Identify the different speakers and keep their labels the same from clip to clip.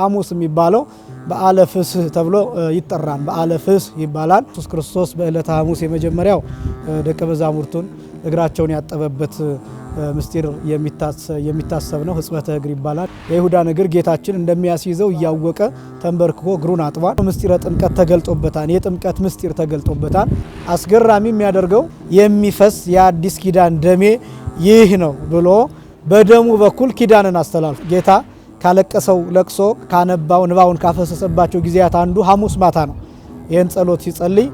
Speaker 1: ሐሙስ የሚባለው በዓለ ፍስህ ተብሎ ይጠራል። በዓለ ፍስህ ይባላል። ኢየሱስ ክርስቶስ በዕለተ ሐሙስ የመጀመሪያው ደቀ መዛሙርቱን እግራቸውን ያጠበበት ምስጢር የሚታሰብ ነው። ሕጽበተ እግር ይባላል። የይሁዳ እግር ጌታችን እንደሚያስይዘው እያወቀ ተንበርክኮ እግሩን አጥቧል። ምስጢረ ጥምቀት ተገልጦበታል። የጥምቀት ምስጢር ተገልጦበታል። አስገራሚ የሚያደርገው የሚፈስ የአዲስ ኪዳን ደሜ ይህ ነው ብሎ በደሙ በኩል ኪዳንን አስተላልፍ ጌታ ካለቀሰው ለቅሶ ካነባው ንባውን ካፈሰሰባቸው ጊዜያት አንዱ ሐሙስ ማታ ነው። ይህን ጸሎት ሲጸልይ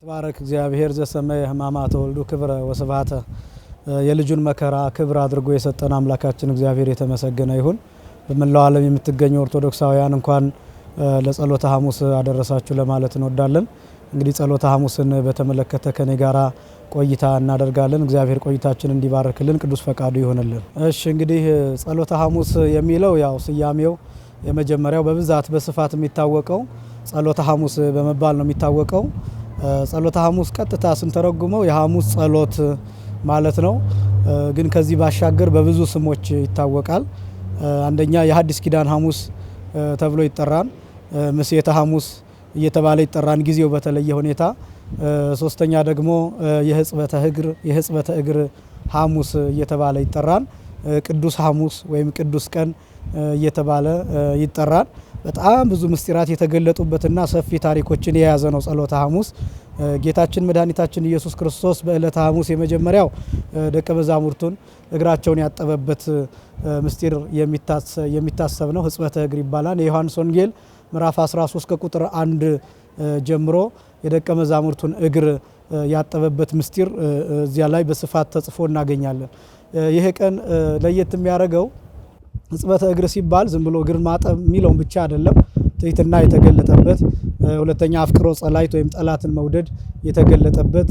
Speaker 2: ተባረክ እግዚአብሔር ዘሰመየ ሕማማተ ወልዱ ክብረ ወስብሐተ የልጁን መከራ ክብር አድርጎ የሰጠን አምላካችን እግዚአብሔር የተመሰገነ ይሁን። በመላው ዓለም የምትገኙ ኦርቶዶክሳውያን እንኳን ለጸሎተ ሐሙስ አደረሳችሁ ለማለት እንወዳለን። እንግዲህ ጸሎተ ሐሙስን በተመለከተ ከኔ ጋራ ቆይታ እናደርጋለን። እግዚአብሔር ቆይታችን እንዲባርክልን ቅዱስ ፈቃዱ ይሆንልን። እሺ እንግዲህ ጸሎተ ሐሙስ የሚለው ያው ስያሜው የመጀመሪያው በብዛት በስፋት የሚታወቀው ጸሎተ ሐሙስ በመባል ነው የሚታወቀው። ጸሎተ ሐሙስ ቀጥታ ስንተረጉመው የሐሙስ ጸሎት ማለት ነው። ግን ከዚህ ባሻገር በብዙ ስሞች ይታወቃል። አንደኛ የሐዲስ ኪዳን ሐሙስ ተብሎ ይጠራን፣ ምሴተ ሐሙስ እየተባለ ይጠራን ጊዜው በተለየ ሁኔታ። ሶስተኛ ደግሞ የህጽበተ እግር የህጽበተ እግር ሐሙስ እየተባለ ይጠራን፣ ቅዱስ ሐሙስ ወይም ቅዱስ ቀን እየተባለ ይጠራን። በጣም ብዙ ምስጢራት የተገለጡበትና ሰፊ ታሪኮችን የያዘ ነው ጸሎተ ሐሙስ። ጌታችን መድኃኒታችን ኢየሱስ ክርስቶስ በዕለተ ሐሙስ የመጀመሪያው ደቀ መዛሙርቱን እግራቸውን ያጠበበት ምስጢር የሚታሰብ ነው። ሕጽበተ እግር ይባላል። የዮሐንስ ወንጌል ምዕራፍ 13 ከቁጥር አንድ ጀምሮ የደቀ መዛሙርቱን እግር ያጠበበት ምስጢር እዚያ ላይ በስፋት ተጽፎ እናገኛለን። ይህ ቀን ለየት የሚያደርገው ሕጽበተ እግር ሲባል ዝም ብሎ እግር ማጠብ የሚለውን ብቻ አይደለም። ትህትና የተገለጠበት ሁለተኛ አፍቅሮ ጸላይት ወይም ጠላትን መውደድ የተገለጠበት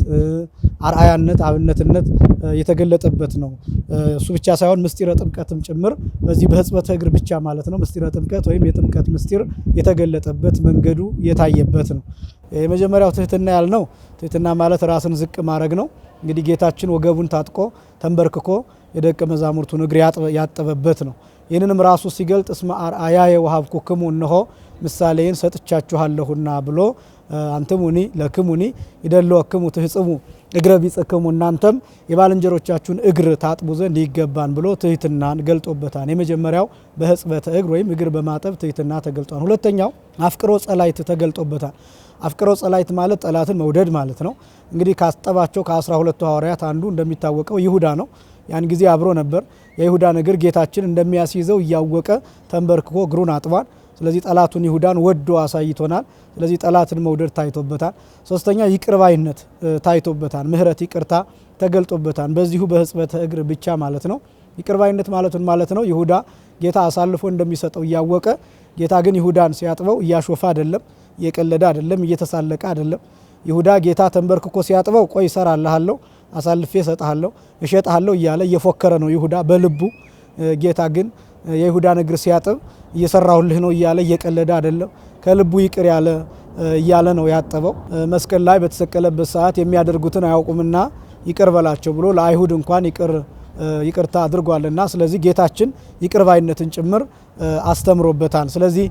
Speaker 2: አርአያነት፣ አብነትነት የተገለጠበት ነው። እሱ ብቻ ሳይሆን ምስጢረ ጥምቀትም ጭምር በዚህ በሕጽበተ እግር ብቻ ማለት ነው። ምስጢረ ጥምቀት ወይም የጥምቀት ምስጢር የተገለጠበት መንገዱ የታየበት ነው። የመጀመሪያው ትህትና ያልነው ትህትና ማለት ራስን ዝቅ ማድረግ ነው። እንግዲህ ጌታችን ወገቡን ታጥቆ ተንበርክኮ የደቀ መዛሙርቱን እግር ያጠበበት ነው። ይህንንም ራሱ ሲገልጥ እስመ አርአያየ ወሀብኩክሙ እነሆ ምሳሌን ሰጥቻችኋለሁና ብሎ አንትሙኒ ለክሙኒ ክሙ ትህጽሙ እግረ ቢጽክሙ እናንተም የባልንጀሮቻችሁን እግር ታጥቡ ዘንድ ይገባን ብሎ ትህትናን ገልጦበታን። የመጀመሪያው በህጽበተ እግር ወይም እግር በማጠብ ትህትና ተገልጧን። ሁለተኛው አፍቅሮ ጸላይት ተገልጦበታል። አፍቅሮ ጸላይት ማለት ጠላትን መውደድ ማለት ነው። እንግዲህ ካስጠባቸው ከአስራ ሁለቱ ሐዋርያት አንዱ እንደሚታወቀው ይሁዳ ነው። ያን ጊዜ አብሮ ነበር። የይሁዳን እግር ጌታችን እንደሚያስይዘው እያወቀ ተንበርክኮ እግሩን አጥቧል። ስለዚህ ጠላቱን ይሁዳን ወዶ አሳይቶናል። ስለዚህ ጠላትን መውደድ ታይቶበታል። ሶስተኛ ይቅርባይነት ታይቶበታል። ምሕረት ይቅርታ ተገልጦበታል። በዚሁ በሕጽበተ እግር ብቻ ማለት ነው። ይቅርባይነት ማለቱን ማለት ነው። ይሁዳ ጌታ አሳልፎ እንደሚሰጠው እያወቀ ጌታ ግን ይሁዳን ሲያጥበው እያሾፈ አይደለም፣ እየቀለደ አይደለም፣ እየተሳለቀ አይደለም። ይሁዳ ጌታ ተንበርክኮ ሲያጥበው ቆይ እሰራልሃለሁ አሳልፌ እሰጥሃለሁ እሸጥሃለሁ እያለ እየፎከረ ነው ይሁዳ በልቡ። ጌታ ግን የይሁዳን እግር ሲያጥብ እየሰራሁልህ ነው እያለ እየቀለደ አይደለም፣ ከልቡ ይቅር ያለ እያለ ነው ያጠበው። መስቀል ላይ በተሰቀለበት ሰዓት የሚያደርጉትን አያውቁምና ይቅር በላቸው ብሎ ለአይሁድ እንኳን ይቅር ይቅርታ አድርጓልና ስለዚህ ጌታችን ይቅር ባይነትን ጭምር አስተምሮበታል። ስለዚህ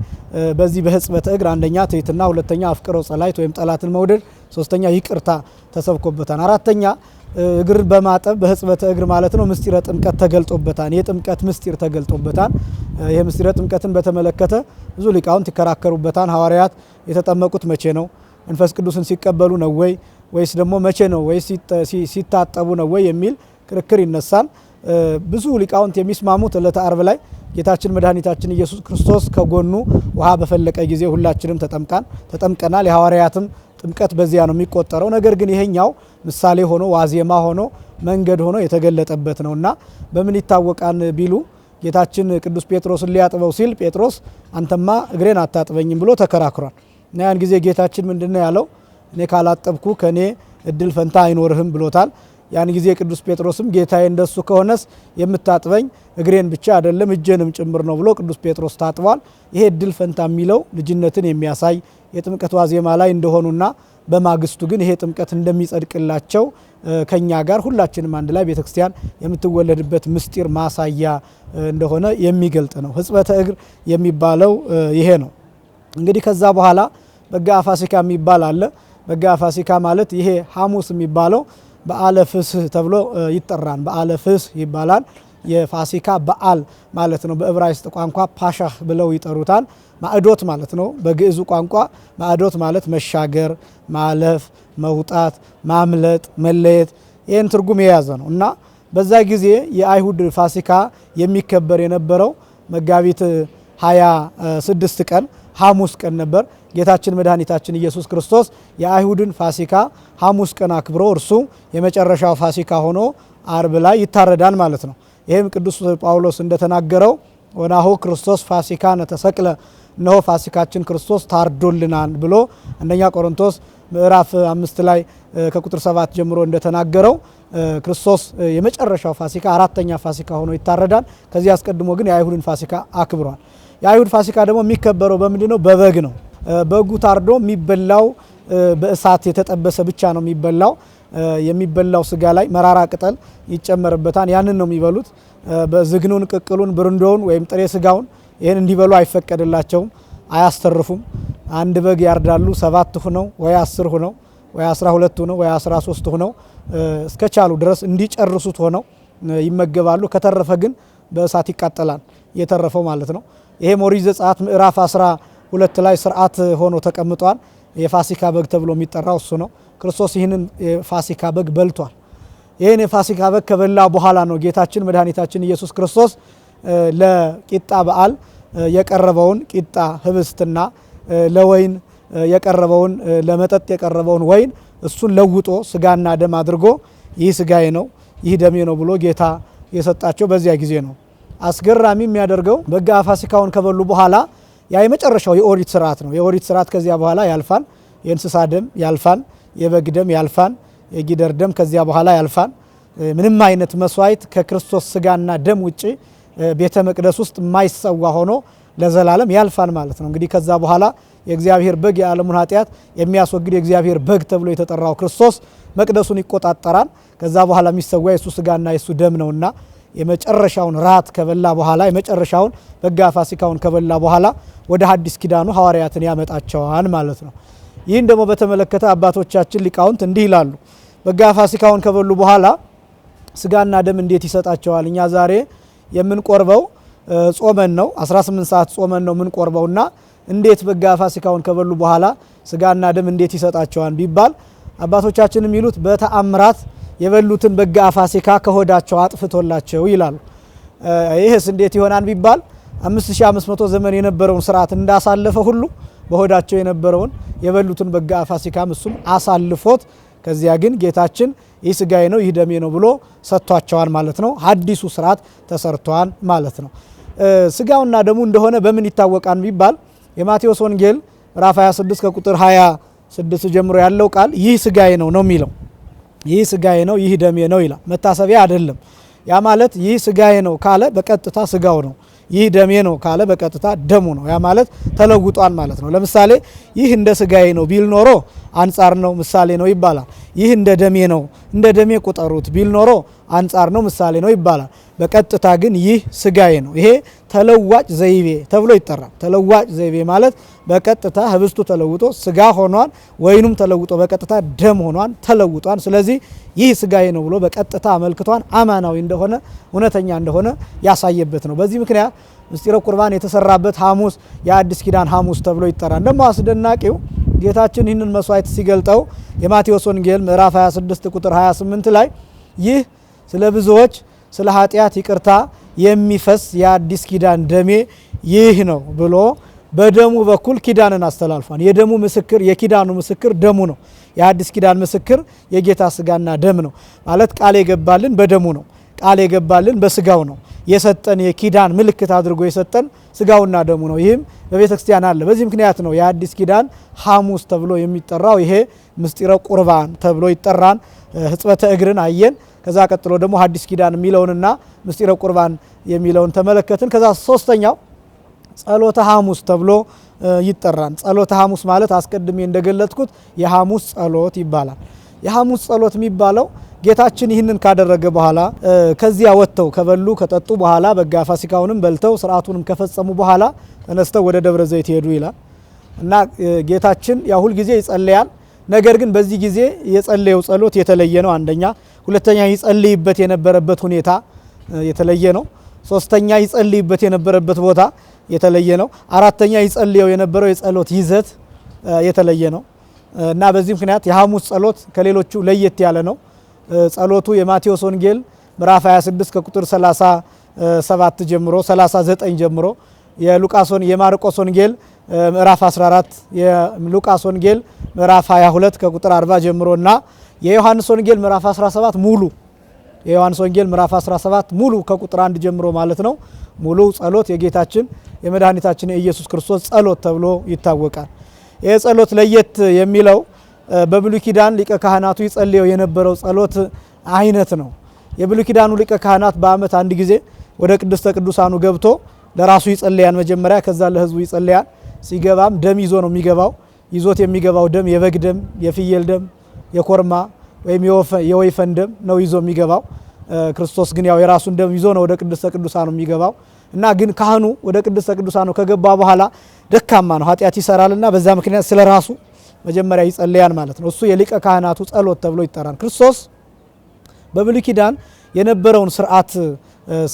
Speaker 2: በዚህ በሕጽበተ እግር አንደኛ ትሕትና፣ ሁለተኛ አፍቅሮ ጸላይት ወይም ጠላትን መውደድ፣ ሶስተኛ ይቅርታ ተሰብኮበታል። አራተኛ እግር በማጠብ በህጽበተ እግር ማለት ነው ምስጢረ ጥምቀት ተገልጦበታል። የጥምቀት ምስጢር ተገልጦበታል። ይህ ምስጢረ ጥምቀትን በተመለከተ ብዙ ሊቃውንት ይከራከሩበታል። ሐዋርያት የተጠመቁት መቼ ነው? መንፈስ ቅዱስን ሲቀበሉ ነው ወይ ወይስ ደግሞ መቼ ነው? ወይ ሲታጠቡ ነው ወይ የሚል ክርክር ይነሳል። ብዙ ሊቃውንት የሚስማሙት ዕለተ አርብ ላይ ጌታችን መድኃኒታችን ኢየሱስ ክርስቶስ ከጎኑ ውሃ በፈለቀ ጊዜ ሁላችንም ተጠምቀናል። የሐዋርያትም ጥምቀት በዚያ ነው የሚቆጠረው። ነገር ግን ይሄኛው ምሳሌ ሆኖ ዋዜማ ሆኖ መንገድ ሆኖ የተገለጠበት ነው እና በምን ይታወቃን ቢሉ ጌታችን ቅዱስ ጴጥሮስን ሊያጥበው ሲል ጴጥሮስ አንተማ እግሬን አታጥበኝም ብሎ ተከራክሯል። እና ያን ጊዜ ጌታችን ምንድነው ያለው? እኔ ካላጠብኩ ከእኔ እድል ፈንታ አይኖርህም ብሎታል። ያን ጊዜ ቅዱስ ጴጥሮስም ጌታዬ እንደሱ ከሆነስ የምታጥበኝ እግሬን ብቻ አይደለም እጄንም ጭምር ነው ብሎ ቅዱስ ጴጥሮስ ታጥቧል። ይሄ እድል ፈንታ የሚለው ልጅነትን የሚያሳይ የጥምቀት ዋዜማ ላይ እንደሆኑና በማግስቱ ግን ይሄ ጥምቀት እንደሚጸድቅላቸው ከኛ ጋር ሁላችንም አንድ ላይ ቤተክርስቲያን የምትወለድበት ምስጢር ማሳያ እንደሆነ የሚገልጥ ነው። ሕጽበተ እግር የሚባለው ይሄ ነው። እንግዲህ ከዛ በኋላ በጋ ፋሲካ የሚባል አለ። በጋ ፋሲካ ማለት ይሄ ሐሙስ የሚባለው በዓለ ፍስህ ተብሎ ይጠራል። በዓለ ፍስህ ይባላል። የፋሲካ በዓል ማለት ነው። በእብራይስጥ ቋንቋ ፓሻህ ብለው ይጠሩታል። ማዕዶት ማለት ነው። በግዕዙ ቋንቋ ማዕዶት ማለት መሻገር፣ ማለፍ፣ መውጣት፣ ማምለጥ፣ መለየት ይህን ትርጉም የያዘ ነው እና በዛ ጊዜ የአይሁድ ፋሲካ የሚከበር የነበረው መጋቢት 26 ቀን ሐሙስ ቀን ነበር። ጌታችን መድኃኒታችን ኢየሱስ ክርስቶስ የአይሁድን ፋሲካ ሐሙስ ቀን አክብሮ እርሱ የመጨረሻው ፋሲካ ሆኖ አርብ ላይ ይታረዳል ማለት ነው። ይህም ቅዱስ ጳውሎስ እንደተናገረው ወናሁ ክርስቶስ ፋሲካ ነተሰቅለ እነሆ ፋሲካችን ክርስቶስ ታርዶልናል ብሎ አንደኛ ቆሮንቶስ ምዕራፍ አምስት ላይ ከቁጥር ሰባት ጀምሮ እንደተናገረው ክርስቶስ የመጨረሻው ፋሲካ አራተኛ ፋሲካ ሆኖ ይታረዳል። ከዚህ አስቀድሞ ግን የአይሁድን ፋሲካ አክብሯል። የአይሁድ ፋሲካ ደግሞ የሚከበረው በምንድን ነው? በበግ ነው። በጉ ታርዶ የሚበላው በእሳት የተጠበሰ ብቻ ነው የሚበላው። የሚበላው ስጋ ላይ መራራ ቅጠል ይጨመርበታል። ያንን ነው የሚበሉት። በዝግኑን፣ ቅቅሉን፣ ብርንዶውን ወይም ጥሬ ስጋውን ይህን እንዲበሉ አይፈቀድላቸውም፣ አያስተርፉም። አንድ በግ ያርዳሉ። ሰባት ሁነው ወይ አስር ሁነው ወይ አስራ ሁለት ሁነው ወይ አስራ ሶስት ሁነው እስከቻሉ ድረስ እንዲጨርሱት ሆነው ይመገባሉ። ከተረፈ ግን በእሳት ይቃጠላል፣ የተረፈው ማለት ነው። ይሄ ኦሪት ዘጸአት ምዕራፍ አስራ ሁለት ላይ ስርዓት ሆኖ ተቀምጧል። የፋሲካ በግ ተብሎ የሚጠራው እሱ ነው። ክርስቶስ ይህንን የፋሲካ በግ በልቷል። ይህን የፋሲካ በግ ከበላ በኋላ ነው ጌታችን መድኃኒታችን ኢየሱስ ክርስቶስ ለቂጣ በዓል የቀረበውን ቂጣ ህብስትና ለወይን የቀረበውን ለመጠጥ የቀረበውን ወይን እሱን ለውጦ ስጋና ደም አድርጎ ይህ ስጋዬ ነው፣ ይህ ደሜ ነው ብሎ ጌታ የሰጣቸው በዚያ ጊዜ ነው። አስገራሚ የሚያደርገው በጋ ፋሲካውን ከበሉ በኋላ ያ የመጨረሻው የኦሪት ስርዓት ነው። የኦሪት ስርዓት ከዚያ በኋላ ያልፋል። የእንስሳ ደም ያልፋል። የበግ ደም ያልፋል። የጊደር ደም ከዚያ በኋላ ያልፋል። ምንም አይነት መስዋዕት ከክርስቶስ ስጋና ደም ውጭ ቤተ መቅደስ ውስጥ የማይሰዋ ሆኖ ለዘላለም ያልፋል ማለት ነው። እንግዲህ ከዛ በኋላ የእግዚአብሔር በግ የዓለሙን ኃጢአት የሚያስወግድ የእግዚአብሔር በግ ተብሎ የተጠራው ክርስቶስ መቅደሱን ይቆጣጠራል። ከዛ በኋላ የሚሰዋ የእሱ ስጋና የእሱ ደም ነውና የመጨረሻውን ራት ከበላ በኋላ የመጨረሻውን በጋ ፋሲካውን ከበላ በኋላ ወደ ሐዲስ ኪዳኑ ሐዋርያትን ያመጣቸዋል ማለት ነው። ይህን ደግሞ በተመለከተ አባቶቻችን ሊቃውንት እንዲህ ይላሉ። በጋ ፋሲካውን ከበሉ በኋላ ስጋና ደም እንዴት ይሰጣቸዋል? እኛ ዛሬ የምንቆርበው ጾመን ነው። 18 ሰዓት ጾመን ነው የምንቆርበውና እንዴት በጋ ፋሲካውን ከበሉ በኋላ ስጋና ደም እንዴት ይሰጣቸዋል ቢባል አባቶቻችን የሚሉት በተአምራት የበሉትን በጋ ፋሲካ ከሆዳቸው አጥፍቶላቸው ይላሉ። ይህስ እንዴት ይሆናል ቢባል 5500 ዘመን የነበረውን ስርዓት እንዳሳለፈ ሁሉ በሆዳቸው የነበረውን የበሉትን በጋ ፋሲካም እሱም አሳልፎት ከዚያ ግን ጌታችን ይህ ስጋዬ ነው፣ ይህ ደሜ ነው ብሎ ሰጥቷቸዋል ማለት ነው። ሀዲሱ ስርዓት ተሰርቷል ማለት ነው። ስጋውና ደሙ እንደሆነ በምን ይታወቃል ቢባል የማቴዎስ ወንጌል ምዕራፍ 26 ከቁጥር 26 ጀምሮ ያለው ቃል ይህ ስጋዬ ነው ነው የሚለው ይህ ስጋዬ ነው፣ ይህ ደሜ ነው ይላል። መታሰቢያ አይደለም። ያ ማለት ይህ ስጋዬ ነው ካለ በቀጥታ ስጋው ነው፣ ይህ ደሜ ነው ካለ በቀጥታ ደሙ ነው። ያ ማለት ተለውጧል ማለት ነው። ለምሳሌ ይህ እንደ ስጋዬ ነው ቢል ኖሮ አንጻር ነው ምሳሌ ነው ይባላል። ይህ እንደ ደሜ ነው እንደ ደሜ ቁጠሩት ቢል ኖሮ አንጻር ነው ምሳሌ ነው ይባላል። በቀጥታ ግን ይህ ስጋዬ ነው፣ ይሄ ተለዋጭ ዘይቤ ተብሎ ይጠራል። ተለዋጭ ዘይቤ ማለት በቀጥታ ህብስቱ ተለውጦ ስጋ ሆኗል፣ ወይኑም ተለውጦ በቀጥታ ደም ሆኗል፣ ተለውጧል። ስለዚህ ይህ ስጋዬ ነው ብሎ በቀጥታ አመልክቷን አማናዊ እንደሆነ እውነተኛ እንደሆነ ያሳየበት ነው። በዚህ ምክንያት ምስጢረ ቁርባን የተሰራበት ሐሙስ የአዲስ ኪዳን ሐሙስ ተብሎ ይጠራል። ደግሞ አስደናቂው ጌታችን ይህንን መስዋዕት ሲገልጠው የማቴዎስ ወንጌል ምዕራፍ 26 ቁጥር 28 ላይ ይህ ስለ ብዙዎች ስለ ኃጢአት ይቅርታ የሚፈስ የአዲስ ኪዳን ደሜ ይህ ነው ብሎ በደሙ በኩል ኪዳንን አስተላልፏል። የደሙ ምስክር የኪዳኑ ምስክር ደሙ ነው። የአዲስ ኪዳን ምስክር የጌታ ስጋና ደም ነው ማለት ቃል የገባልን በደሙ ነው። ቃል የገባልን በስጋው ነው የሰጠን የኪዳን ምልክት አድርጎ የሰጠን ስጋውና ደሙ ነው። ይህም በቤተ ክርስቲያን አለ። በዚህ ምክንያት ነው የአዲስ ኪዳን ሐሙስ ተብሎ የሚጠራው። ይሄ ምስጢረ ቁርባን ተብሎ ይጠራን። ሕጽበተ እግርን አየን። ከዛ ቀጥሎ ደግሞ ሐዲስ ኪዳን የሚለውንና ምስጢረ ቁርባን የሚለውን ተመለከትን። ከዛ ሶስተኛው ጸሎተ ሐሙስ ተብሎ ይጠራን። ጸሎተ ሐሙስ ማለት አስቀድሜ እንደገለጥኩት የሐሙስ ጸሎት ይባላል። የሐሙስ ጸሎት የሚባለው ጌታችን ይህንን ካደረገ በኋላ ከዚያ ወጥተው ከበሉ ከጠጡ በኋላ በጋ ፋሲካውንም በልተው ስርዓቱንም ከፈጸሙ በኋላ ተነስተው ወደ ደብረ ዘይት ይሄዱ ይላል እና ጌታችን ያ ሁልጊዜ ይጸለያል። ነገር ግን በዚህ ጊዜ የጸለየው ጸሎት የተለየ ነው። አንደኛ፣ ሁለተኛ ይጸልይበት የነበረበት ሁኔታ የተለየ ነው። ሶስተኛ፣ ይጸልይበት የነበረበት ቦታ የተለየ ነው። አራተኛ፣ ይጸልየው የነበረው የጸሎት ይዘት የተለየ ነው እና በዚህ ምክንያት የሐሙስ ጸሎት ከሌሎቹ ለየት ያለ ነው። ጸሎቱ የማቴዎስ ወንጌል ምዕራፍ 26 ከቁጥር 37 ጀምሮ 39 ጀምሮ የሉቃስ የማርቆስ ወንጌል ምዕራፍ 14 የሉቃስ ወንጌል ምዕራፍ 22 ከቁጥር 40 ጀምሮ እና የዮሐንስ ወንጌል ምዕራፍ 17 ሙሉ የዮሐንስ ወንጌል ምዕራፍ 17 ሙሉ ከቁጥር 1 ጀምሮ ማለት ነው። ሙሉ ጸሎት የጌታችን የመድኃኒታችን የኢየሱስ ክርስቶስ ጸሎት ተብሎ ይታወቃል። ይህ ጸሎት ለየት የሚለው በብሉይ ኪዳን ሊቀ ካህናቱ ይጸልየው የነበረው ጸሎት አይነት ነው። የብሉይ ኪዳኑ ሊቀ ካህናት በዓመት አንድ ጊዜ ወደ ቅድስተ ቅዱሳኑ ገብቶ ለራሱ ይጸልያል መጀመሪያ፣ ከዛ ለሕዝቡ ይጸልያል። ሲገባም ደም ይዞ ነው የሚገባው። ይዞት የሚገባው ደም የበግ ደም፣ የፍየል ደም፣ የኮርማ ወይም የወይፈን ደም ነው ይዞ የሚገባው። ክርስቶስ ግን ያው የራሱን ደም ይዞ ነው ወደ ቅድስተ ቅዱሳኑ የሚገባው እና ግን ካህኑ ወደ ቅድስተ ቅዱሳኑ ከገባ በኋላ ደካማ ነው፣ ኃጢአት ይሰራልና በዛ ምክንያት ስለ ራሱ መጀመሪያ ይጸልያል ማለት ነው። እሱ የሊቀ ካህናቱ ጸሎት ተብሎ ይጠራል። ክርስቶስ በብሉይ ኪዳን የነበረውን ስርዓት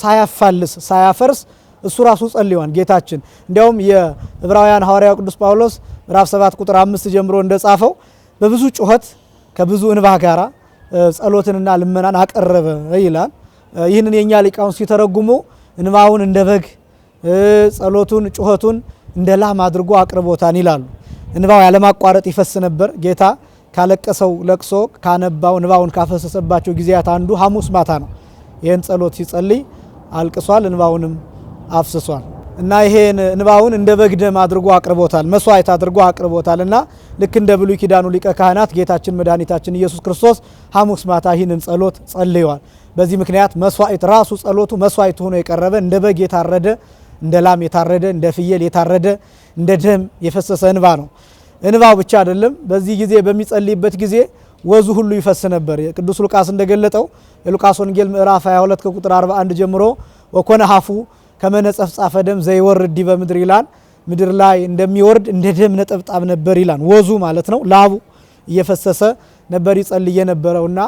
Speaker 2: ሳያፋልስ ሳያፈርስ እሱ ራሱ ጸልዋል ጌታችን። እንዲያውም የዕብራውያን ሐዋርያው ቅዱስ ጳውሎስ ምዕራፍ 7 ቁጥር 5 ጀምሮ እንደጻፈው በብዙ ጩኸት ከብዙ እንባ ጋራ ጸሎትንና ልመናን አቀረበ ይላል። ይህንን የእኛ ሊቃውን ሲተረጉሙ እንባውን እንደ በግ ጸሎቱን ጩኸቱን እንደ ላም አድርጎ አቅርቦታን ይላሉ። እንባው ያለማቋረጥ ይፈስ ነበር። ጌታ ካለቀሰው ለቅሶ ካነባው እንባውን ካፈሰሰባቸው ጊዜያት አንዱ ሐሙስ ማታ ነው። ይህን ጸሎት ሲጸልይ አልቅሷል፣ እንባውንም አፍስሷል እና ይሄን እንባውን እንደ በግ ደም አድርጎ አቅርቦታል፣ መስዋዕት አድርጎ አቅርቦታል እና ልክ እንደ ብሉይ ኪዳኑ ሊቀ ካህናት ጌታችን መድኃኒታችን ኢየሱስ ክርስቶስ ሐሙስ ማታ ይህንን ጸሎት ጸልየዋል። በዚህ ምክንያት መስዋዕት ራሱ ጸሎቱ መስዋዕት ሆኖ የቀረበ እንደ በግ የታረደ እንደ ላም የታረደ እንደ ፍየል የታረደ እንደ ደም የፈሰሰ እንባ ነው። እንባው ብቻ አይደለም። በዚህ ጊዜ በሚጸልይበት ጊዜ ወዙ ሁሉ ይፈስ ነበር። ቅዱስ ሉቃስ እንደገለጠው የሉቃስ ወንጌል ምዕራፍ 22 ከቁጥር 41 ጀምሮ ወኮነ ሀፉ ከመነጸፍጻፈ ደም ዘይወርድ ዲበ ምድር ይላል። ምድር ላይ እንደሚወርድ እንደ ደም ነጠብጣብ ነበር ይላል። ወዙ ማለት ነው ላቡ እየፈሰሰ ነበር ይጸልይ የነበረውና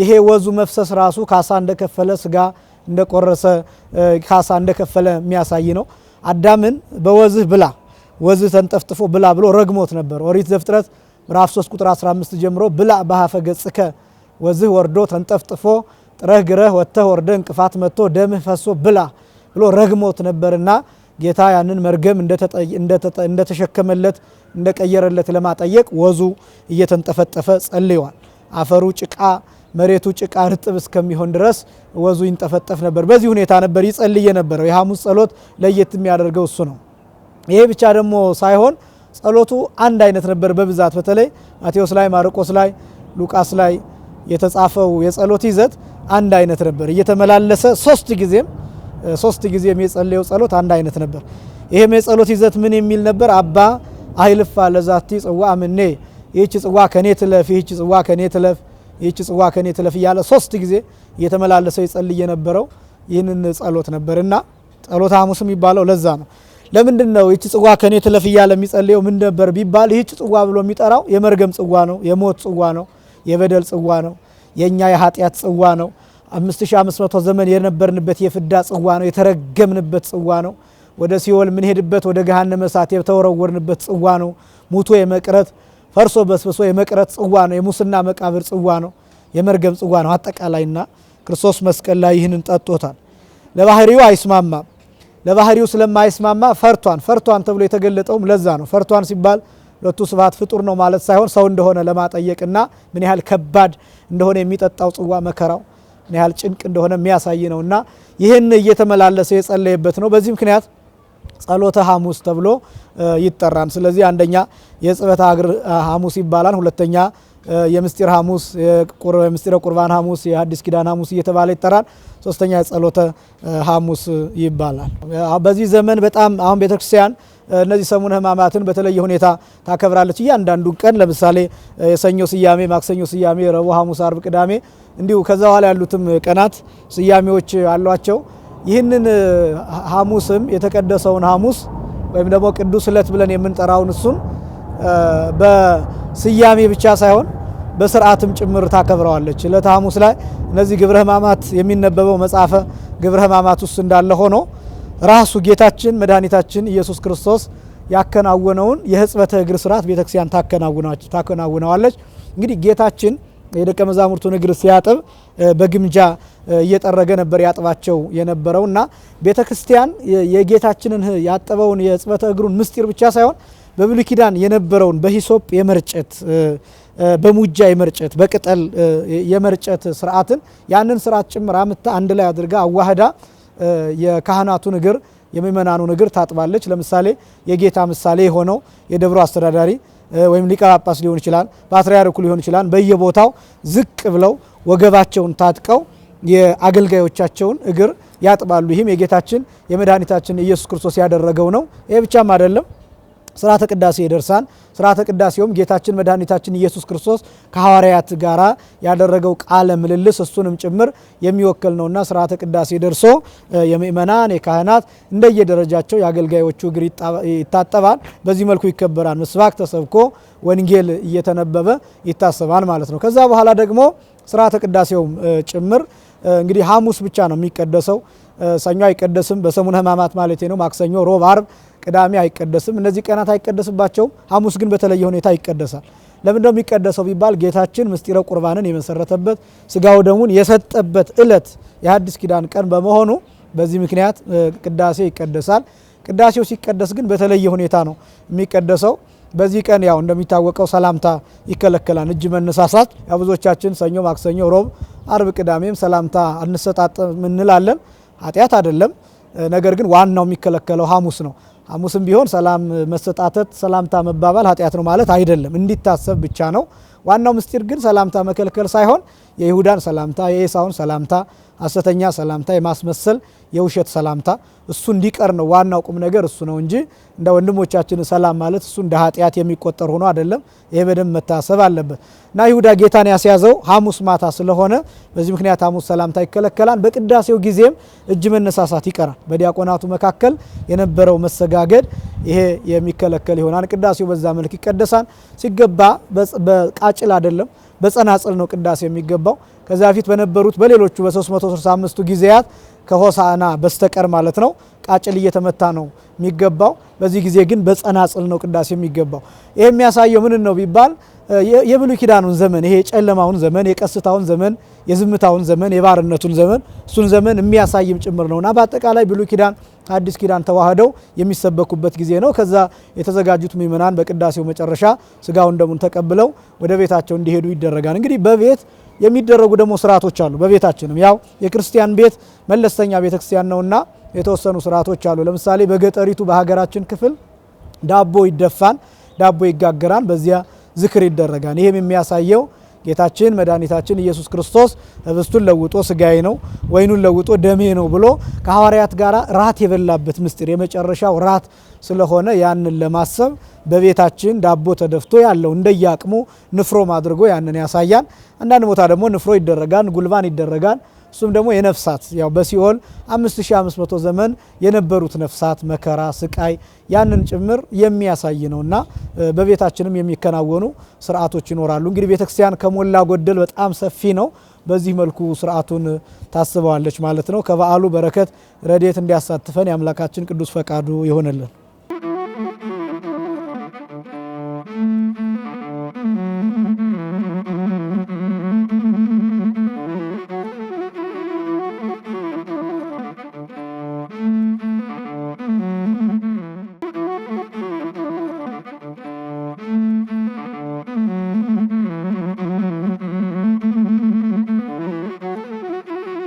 Speaker 2: ይሄ ወዙ መፍሰስ ራሱ ካሳ እንደከፈለ ስጋ እንደቆረሰ ካሳ እንደከፈለ የሚያሳይ ነው። አዳምን በወዝህ ብላ ወዝህ ተንጠፍጥፎ ብላ ብሎ ረግሞት ነበር። ኦሪት ዘፍጥረት ምዕራፍ 3 ቁጥር 15 ጀምሮ ብላ በሀፈ ገጽከ ወዝህ ወርዶ ተንጠፍጥፎ ጥረህ ግረህ ወጥተህ ወርደ እንቅፋት መጥቶ ደምህ ፈሶ ብላ ብሎ ረግሞት ነበርና ጌታ ያንን መርገም እንደተሸከመለት እንደቀየረለት ለማጠየቅ ወዙ እየተንጠፈጠፈ ጸልዋል። አፈሩ ጭቃ መሬቱ ጭቃ ርጥብ እስከሚሆን ድረስ ወዙ ይንጠፈጠፍ ነበር። በዚህ ሁኔታ ነበር ይጸልይ የነበረው። የሐሙስ ጸሎት ለየት የሚያደርገው እሱ ነው። ይሄ ብቻ ደግሞ ሳይሆን ጸሎቱ አንድ አይነት ነበር በብዛት በተለይ ማቴዎስ ላይ፣ ማርቆስ ላይ፣ ሉቃስ ላይ የተጻፈው የጸሎት ይዘት አንድ አይነት ነበር። እየተመላለሰ ሶስት ጊዜም ሶስት ጊዜም የጸለየው ጸሎት አንድ አይነት ነበር። ይህም የጸሎት ይዘት ምን የሚል ነበር? አባ አይልፋ ለዛቲ ጽዋ ምኔ፣ ይህች ጽዋ ከኔ ትለፍ፣ ይህች ጽዋ ከኔ ትለፍ ይህች ጽዋ ከኔ ትለፍ እያለ ሶስት ጊዜ እየተመላለሰው ይጸልይ የነበረው ይህንን ጸሎት ነበር እና ጸሎተ ሐሙስ የሚባለው ለዛ ነው። ለምንድን ነው ይህች ጽዋ ከኔ ትለፍ እያለ የሚጸልየው ምን ነበር ቢባል ይህች ጽዋ ብሎ የሚጠራው የመርገም ጽዋ ነው፣ የሞት ጽዋ ነው፣ የበደል ጽዋ ነው፣ የእኛ የኃጢአት ጽዋ ነው። 5500 ዘመን የነበርንበት የፍዳ ጽዋ ነው፣ የተረገምንበት ጽዋ ነው። ወደ ሲኦል የምንሄድበት ወደ ገሃነመ እሳት የተወረወርንበት ጽዋ ነው፣ ሙቶ የመቅረት ፈርሶ በስብሶ የመቅረት ጽዋ ነው። የሙስና መቃብር ጽዋ ነው። የመርገም ጽዋ ነው አጠቃላይና ክርስቶስ መስቀል ላይ ይህንን ጠጥቶታል። ለባህሪው አይስማማም። ለባህሪው ስለማይስማማ ፈርቷን ፈርቷን ተብሎ የተገለጠውም ለዛ ነው። ፈርቷን ሲባል ሁለቱ ስብሐት ፍጡር ነው ማለት ሳይሆን ሰው እንደሆነ ለማጠየቅና ምን ያህል ከባድ እንደሆነ የሚጠጣው ጽዋ መከራው ምን ያህል ጭንቅ እንደሆነ የሚያሳይ ነውና ይህን እየተመላለሰ የጸለየበት ነው። በዚህ ምክንያት ጸሎተ ሐሙስ ተብሎ ይጠራል። ስለዚህ አንደኛ የጽበተ ሀገር ሐሙስ ይባላል። ሁለተኛ የምስጢር ሐሙስ፣ የምስጢረ ቁርባን ሐሙስ፣ የሐዲስ ኪዳን ሐሙስ እየተባለ ይጠራል። ሶስተኛ የጸሎተ ሐሙስ ይባላል። በዚህ ዘመን በጣም አሁን ቤተክርስቲያን እነዚህ ሰሙነ ሕማማትን በተለየ ሁኔታ ታከብራለች። እያንዳንዱ ቀን ለምሳሌ የሰኞ ስያሜ፣ ማክሰኞ ስያሜ፣ ረቡዕ፣ ሐሙስ፣ አርብ፣ ቅዳሜ እንዲሁ ከዛ በኋላ ያሉትም ቀናት ስያሜዎች አሏቸው። ይህንን ሐሙስም የተቀደሰውን ሐሙስ ወይም ደግሞ ቅዱስ ዕለት ብለን የምንጠራውን እሱን በስያሜ ብቻ ሳይሆን በስርዓትም ጭምር ታከብረዋለች። ዕለተ ሐሙስ ላይ እነዚህ ግብረ ሕማማት የሚነበበው መጽሐፈ ግብረ ሕማማት ውስጥ እንዳለ ሆኖ ራሱ ጌታችን መድኃኒታችን ኢየሱስ ክርስቶስ ያከናወነውን የሕጽበተ እግር ስርዓት ቤተክርስቲያን ታከናውነዋለች። እንግዲህ ጌታችን የደቀ መዛሙርቱን እግር ሲያጥብ በግምጃ እየጠረገ ነበር ያጥባቸው የነበረው እና ቤተ ክርስቲያን የጌታችንን ያጠበውን የጽበተ እግሩን ምስጢር ብቻ ሳይሆን በብሉይ ኪዳን የነበረውን በሂሶጵ የመርጨት በሙጃ የመርጨት በቅጠል የመርጨት ስርዓትን ያንን ስርዓት ጭምር አምታ አንድ ላይ አድርጋ አዋህዳ የካህናቱን እግር የምእመናኑን እግር ታጥባለች። ለምሳሌ የጌታ ምሳሌ የሆነው የደብሮ አስተዳዳሪ ወይም ሊቀ ጳጳስ ሊሆን ይችላል፣ ፓትርያርኩ ሊሆን ይችላል። በየቦታው ዝቅ ብለው ወገባቸውን ታጥቀው የአገልጋዮቻቸውን እግር ያጥባሉ። ይህም የጌታችን የመድኃኒታችን ኢየሱስ ክርስቶስ ያደረገው ነው። ይሄ ብቻም አይደለም፣ ስርዓተ ቅዳሴ ይደርሳል። ስርዓተ ቅዳሴውም ጌታችን መድኃኒታችን ኢየሱስ ክርስቶስ ከሐዋርያት ጋር ያደረገው ቃለ ምልልስ እሱንም ጭምር የሚወክል ነውና ስርዓተ ቅዳሴ ደርሶ የምእመናን የካህናት እንደየደረጃቸው የአገልጋዮቹ እግር ይታጠባል። በዚህ መልኩ ይከበራል። ምስባክ ተሰብኮ ወንጌል እየተነበበ ይታሰባል ማለት ነው። ከዛ በኋላ ደግሞ ስርዓተ ቅዳሴውም ጭምር እንግዲህ ሐሙስ ብቻ ነው የሚቀደሰው። ሰኞ አይቀደስም። በሰሙነ ሕማማት ማለት ነው። ማክሰኞ፣ ሮብ፣ አርብ ቅዳሜ አይቀደስም። እነዚህ ቀናት አይቀደስባቸውም። ሐሙስ ግን በተለየ ሁኔታ ይቀደሳል። ለምንድነው የሚቀደሰው ቢባል ጌታችን ምስጢረ ቁርባንን የመሰረተበት ስጋው ደሙን የሰጠበት እለት የሐዲስ ኪዳን ቀን በመሆኑ በዚህ ምክንያት ቅዳሴ ይቀደሳል። ቅዳሴው ሲቀደስ ግን በተለየ ሁኔታ ነው የሚቀደሰው። በዚህ ቀን ያው እንደሚታወቀው ሰላምታ ይከለከላል፣ እጅ መነሳሳት። ያው ብዙዎቻችን ሰኞ፣ ማክሰኞ፣ ሮብ፣ አርብ፣ ቅዳሜም ሰላምታ አንሰጣጥም እንላለን። ኃጢአት አይደለም። ነገር ግን ዋናው የሚከለከለው ሐሙስ ነው። ሐሙስም ቢሆን ሰላም መሰጣተት፣ ሰላምታ መባባል ኃጢአት ነው ማለት አይደለም፣ እንዲታሰብ ብቻ ነው። ዋናው ምስጢር ግን ሰላምታ መከልከል ሳይሆን የይሁዳን ሰላምታ፣ የኤሳውን ሰላምታ፣ ሐሰተኛ ሰላምታ፣ የማስመሰል የውሸት ሰላምታ እሱ እንዲቀር ነው። ዋናው ቁም ነገር እሱ ነው እንጂ እንደ ወንድሞቻችን ሰላም ማለት እሱ እንደ ኃጢአት የሚቆጠር ሆኖ አይደለም። ይሄ በደንብ መታሰብ አለበት እና ይሁዳ ጌታን ያስያዘው ሐሙስ ማታ ስለሆነ በዚህ ምክንያት ሐሙስ ሰላምታ ይከለከላል። በቅዳሴው ጊዜም እጅ መነሳሳት ይቀራል። በዲያቆናቱ መካከል የነበረው መሰጋገድ ይሄ የሚከለከል ይሆናል። ቅዳሴው በዛ መልክ ይቀደሳል። ሲገባ በቃጭል አይደለም በጸናጽል ነው ቅዳሴ የሚገባው። ከዚያ በፊት በነበሩት በሌሎቹ በ365ቱ ጊዜያት ከሆሳና በስተቀር ማለት ነው ቃጭል እየተመታ ነው የሚገባው። በዚህ ጊዜ ግን በጸናጽል ነው ቅዳሴ የሚገባው። ይህ የሚያሳየው ምንን ነው ቢባል የብሉይ ኪዳኑን ዘመን ይሄ የጨለማውን ዘመን፣ የቀስታውን ዘመን፣ የዝምታውን ዘመን፣ የባርነቱን ዘመን እሱን ዘመን የሚያሳይም ጭምር ነውና በአጠቃላይ ብሉይ ኪዳን አዲስ ኪዳን ተዋህደው የሚሰበኩበት ጊዜ ነው። ከዛ የተዘጋጁት ምእመናን በቅዳሴው መጨረሻ ስጋውን ደሙን ተቀብለው ወደ ቤታቸው እንዲሄዱ ይደረጋል። እንግዲህ በቤት የሚደረጉ ደግሞ ስርዓቶች አሉ። በቤታችንም ያው የክርስቲያን ቤት መለስተኛ ቤተክርስቲያን ነውና የተወሰኑ ስርዓቶች አሉ። ለምሳሌ በገጠሪቱ በሀገራችን ክፍል ዳቦ ይደፋን፣ ዳቦ ይጋገራል፣ በዚያ ዝክር ይደረጋል። ይህም የሚያሳየው ጌታችን መድኃኒታችን ኢየሱስ ክርስቶስ ህብስቱን ለውጦ ስጋዬ ነው፣ ወይኑን ለውጦ ደሜ ነው ብሎ ከሐዋርያት ጋር ራት የበላበት ምስጢር የመጨረሻው ራት ስለሆነ ያንን ለማሰብ በቤታችን ዳቦ ተደፍቶ ያለው እንደየአቅሙ ንፍሮም አድርጎ ያንን ያሳያል። አንዳንድ ቦታ ደግሞ ንፍሮ ይደረጋል፣ ጉልባን ይደረጋል። እሱም ደግሞ የነፍሳት ያው በሲኦል 5500 ዘመን የነበሩት ነፍሳት መከራ፣ ስቃይ ያንን ጭምር የሚያሳይ ነውና በቤታችንም የሚከናወኑ ስርዓቶች ይኖራሉ። እንግዲህ ቤተክርስቲያን ከሞላ ጎደል በጣም ሰፊ ነው። በዚህ መልኩ ስርዓቱን ታስበዋለች ማለት ነው። ከበዓሉ በረከት ረድኤት እንዲያሳትፈን የአምላካችን ቅዱስ ፈቃዱ ይሆንልን።